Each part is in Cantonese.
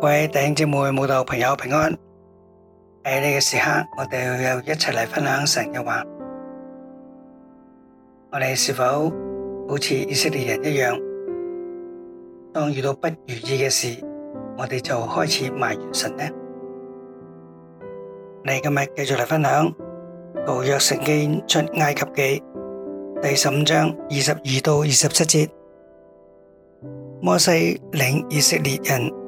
各位弟兄姊妹、慕道朋友平安！喺呢個時刻，我哋要一齊嚟分享神嘅話。我哋是否好似以色列人一樣，當遇到不如意嘅事，我哋就開始埋怨神呢？我哋今日繼續嚟分享《舊約聖經出埃及記》第十五章二十二到二十七節，摩西領以色列人。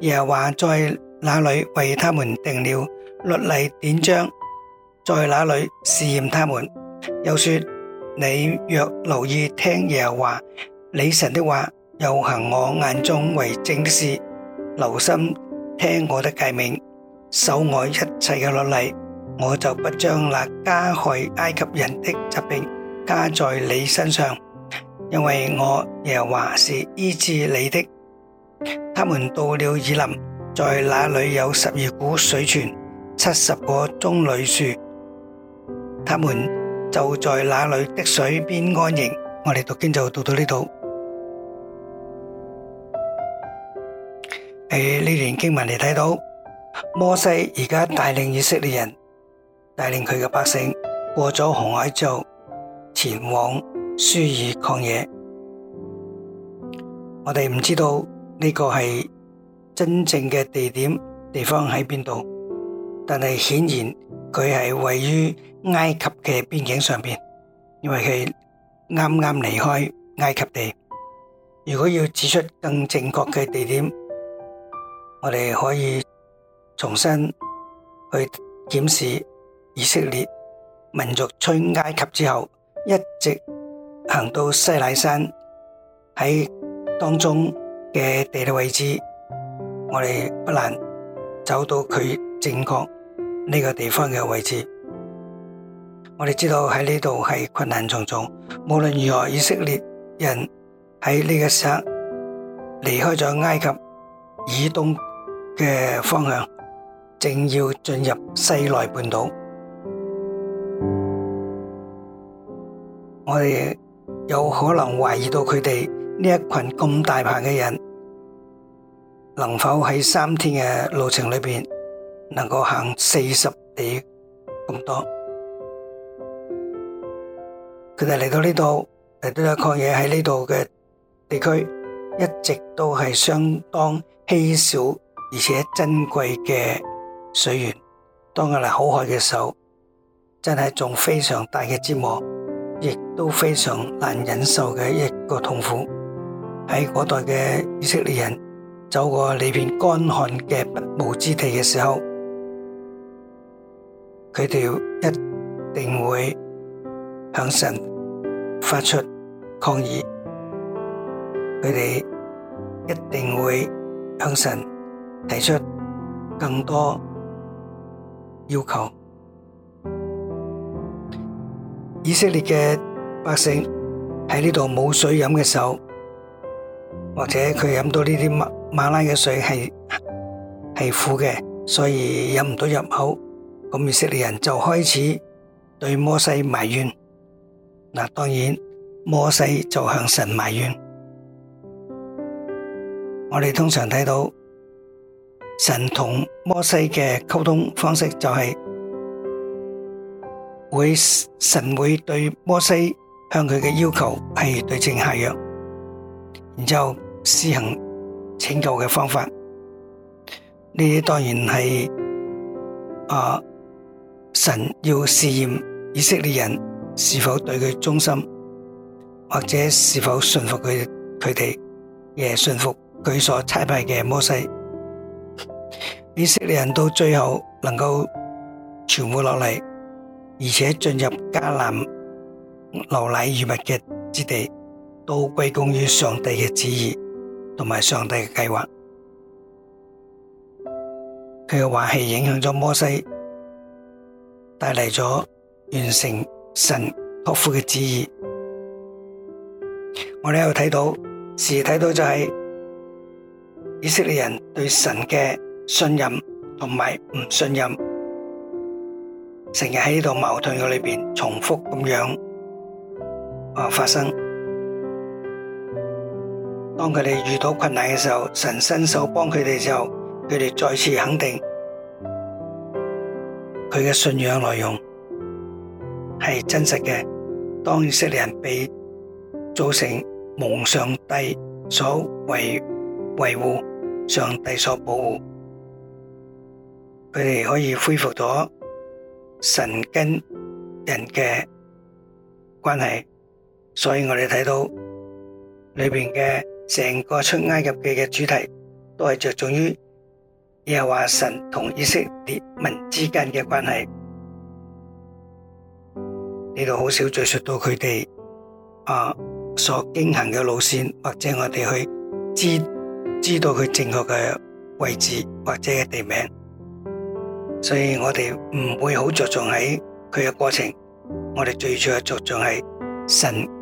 耶華在那裏為他們定了律例典章，在那裏試驗他們。又說：你若留意聽耶華你神的話，又行我眼中為正的事，留心聽我的誡命，守我一切的律例，我就不將那加害埃及人的疾病加在你身上，因為我耶華是醫治你的。他們到了以琳，在那裏有十二股水泉、七十個棕櫚樹，他們就在那裏的水邊安營。我哋讀經就讀到呢度。喺呢段經文嚟，睇到，摩西而家帶領以色列人帶領佢嘅百姓過咗紅海之後，前往書珥曠野。我哋唔知道。呢個係真正嘅地點，地方喺邊度？但係顯然，佢係位於埃及嘅邊境上面，因為佢啱啱離開埃及地。如果要指出更正確嘅地點，我哋可以重新去檢視以色列民族出埃及之後一直行到西奈山，喺當中，嘅地理位置，我哋不難走到佢正確呢個地方嘅位置。我哋知道喺呢度係困難重重，無論如何，以色列人喺呢個時候離開咗埃及以東嘅方向，正要進入西奈半島，我哋有可能懷疑到佢哋。呢一群咁大班嘅人，能否喺三天嘅路程裏邊，能夠行四十里咁多？佢哋嚟到呢度，嚟到呢個曠野，喺呢度嘅地區，一直都係相當稀少而且珍貴嘅水源。當我哋好渴嘅時候，真係種非常大嘅折磨，亦都非常難忍受嘅一個痛苦。喺嗰代嘅以色列人走過呢片乾旱嘅不毛之地嘅時候，佢哋一定會向神發出抗議，佢哋一定會向神提出更多要求。以色列嘅百姓喺呢度冇水飲嘅時候。或者佢飲到呢啲馬馬拉嘅水係係苦嘅，所以飲唔到入口。咁以色列人就開始對摩西埋怨。嗱，當然摩西就向神埋怨。我哋通常睇到神同摩西嘅溝通方式就係會神會對摩西向佢嘅要求係對症下藥，然之後。施行拯救嘅方法，呢啲當然係啊，神要試驗以色列人是否對佢忠心，或者是否信服佢佢哋嘅信服佢所差派嘅摩西。以色列人到最後能夠存活落嚟，而且進入迦南流奶與蜜嘅之地，都歸功於上帝嘅旨意。同埋上帝嘅計劃，佢嘅話係影響咗摩西，帶嚟咗完成神託付嘅旨意。我哋喺度睇到，時睇到就係以色列人對神嘅信任同埋唔信任，成日喺呢度矛盾嘅裏邊重複咁樣啊發生。當佢哋遇到困難嘅時候，神伸手幫佢哋嘅時候，佢哋再次肯定佢嘅信仰內容係真實嘅。當以色列人被造成蒙上帝所維維護、上帝所保護，佢哋可以恢復咗神跟人嘅關係。所以我哋睇到裏面嘅。成個出埃及記嘅主題，都係着重於又話神同以色列民之間嘅關係。呢度好少敘述到佢哋啊所經行嘅路線，或者我哋去知知道佢正確嘅位置或者個地名。所以我哋唔會好着重喺佢嘅過程，我哋最主要着重係神。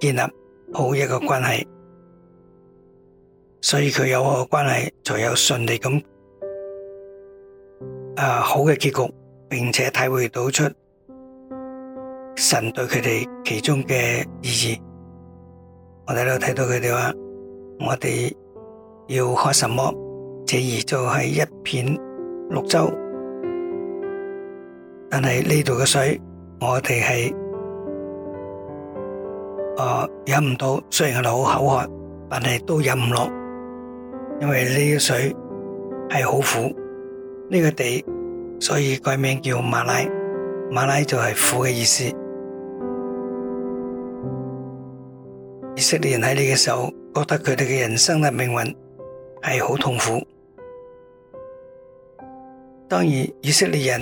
建立好一個關係，所以佢有個關係，才有順利咁、啊、好嘅結局，並且體會到出神對佢哋其中嘅意義。我哋都睇到佢哋話，我哋要學什麼？這兒就係一片綠洲，但係呢度嘅水，我哋係。誒，飲唔、呃、到，雖然我好口渴，但係都飲唔落，因為呢啲水係好苦，呢、呢個地，所以改名叫馬拉，馬拉就係苦嘅意思。以色列人喺呢個時候，覺得佢哋嘅人生嘅命運係好痛苦。當然，以色列人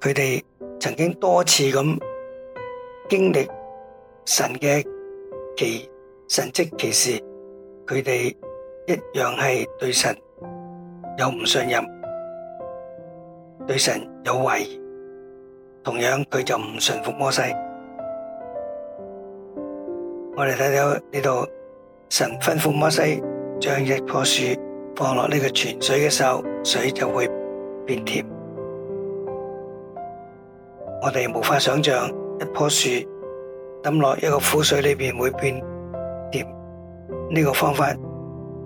佢哋曾經多次咁經歷神嘅。其神蹟奇事，佢哋一樣係對神有唔信任，對神有懷疑，同樣佢就唔順服摩西。我哋睇到呢度，神吩咐摩西將一棵樹放落呢個泉水嘅時候，水就會變甜。我哋無法想象一棵樹。咁耐一個苦水裏邊會變甜，呢個方法，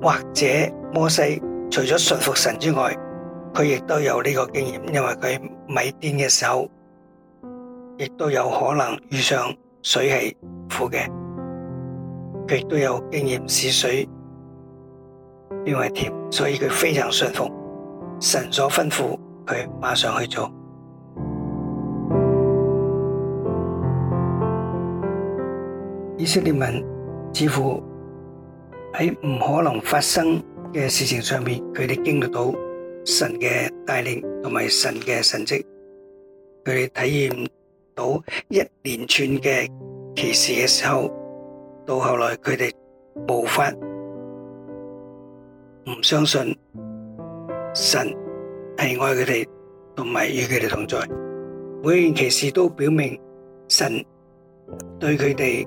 或者摩西除咗信服神之外，佢亦都有呢個經驗，因為佢米甸嘅時候，亦都有可能遇上水係苦嘅，佢亦都有經驗使水變為甜，所以佢非常信服神所吩咐，佢馬上去做。以色列民似乎喺唔可能發生嘅事情上面，佢哋經歷到神嘅帶領同埋神嘅神蹟，佢哋體驗到一連串嘅奇事嘅時候，到後來佢哋無法唔相信神係愛佢哋，同埋與佢哋同在。每一件奇事都表明神對佢哋。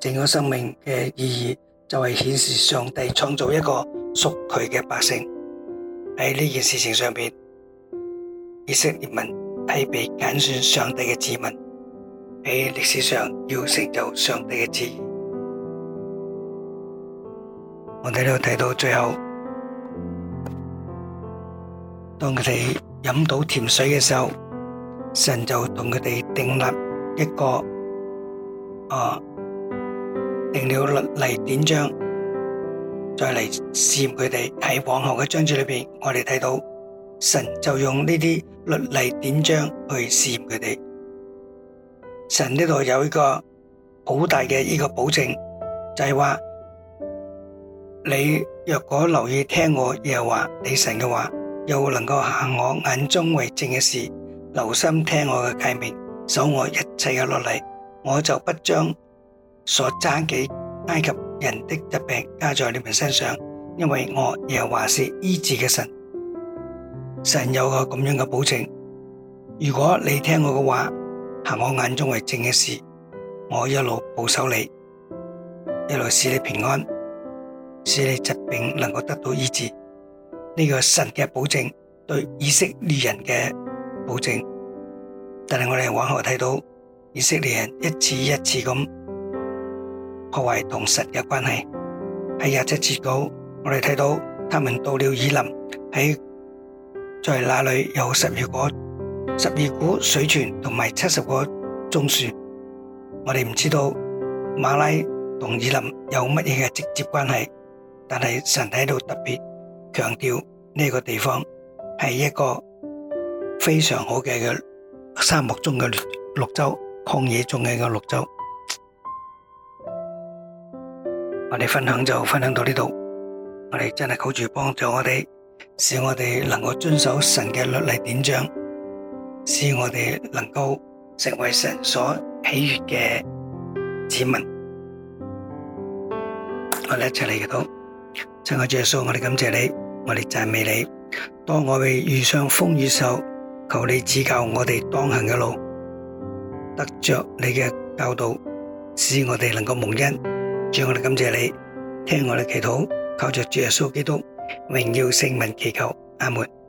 整個生命嘅意義就係顯示上帝創造一個屬佢嘅百姓。喺呢件事情上面，以色列民係被揀選上帝嘅子民，喺歷史上要成就上帝嘅旨意。我哋都睇到最後，當佢哋飲到甜水嘅時候，神就同佢哋訂立一個，啊。定了律例典章，再嚟試驗佢哋喺往後嘅章節裏邊，我哋睇到神就用呢啲律例典章去試驗佢哋。神呢度有一個好大嘅呢個保證，就係話你若果留意聽我又話你神嘅話，又能夠行我眼中為正嘅事，留心聽我嘅誡命，守我一切嘅律例，我就不將。所爭嘅埃及人的疾病加在你們身上，因為我又話是醫治嘅神。神有個咁樣嘅保證：如果你聽我嘅話，行我眼中為正嘅事，我一路保守你，一路使你平安，使你疾病能夠得到醫治。呢、這個神嘅保證對以色列人嘅保證，但係我哋往後睇到以色列人一次一次咁破壞同神嘅關係。喺廿七節稿，我哋睇到他們到了以林喺在那裏有十二股，十二股水泉同埋七十個棕樹。我哋唔知道馬拉同以林有乜嘢嘅直接關係，但係神喺度特別強調呢個地方係一個非常好嘅、嘅沙漠中嘅綠綠洲，曠野中嘅一個綠洲。我哋分享就分享到呢度，我哋真係求主幫助我哋，使我哋能夠遵守神嘅律例典章，使我哋能夠成為神所喜悅嘅子民。我哋一齊嚟祈禱親愛嘅耶穌，我哋感謝你，我哋讚美你。當我哋遇上風雨嘅時候，求你指教我哋當行嘅路，得着你嘅教導，使我哋能夠蒙恩。主我哋感謝你，聽我哋祈禱，靠着主耶穌基督榮耀聖名祈求，阿門。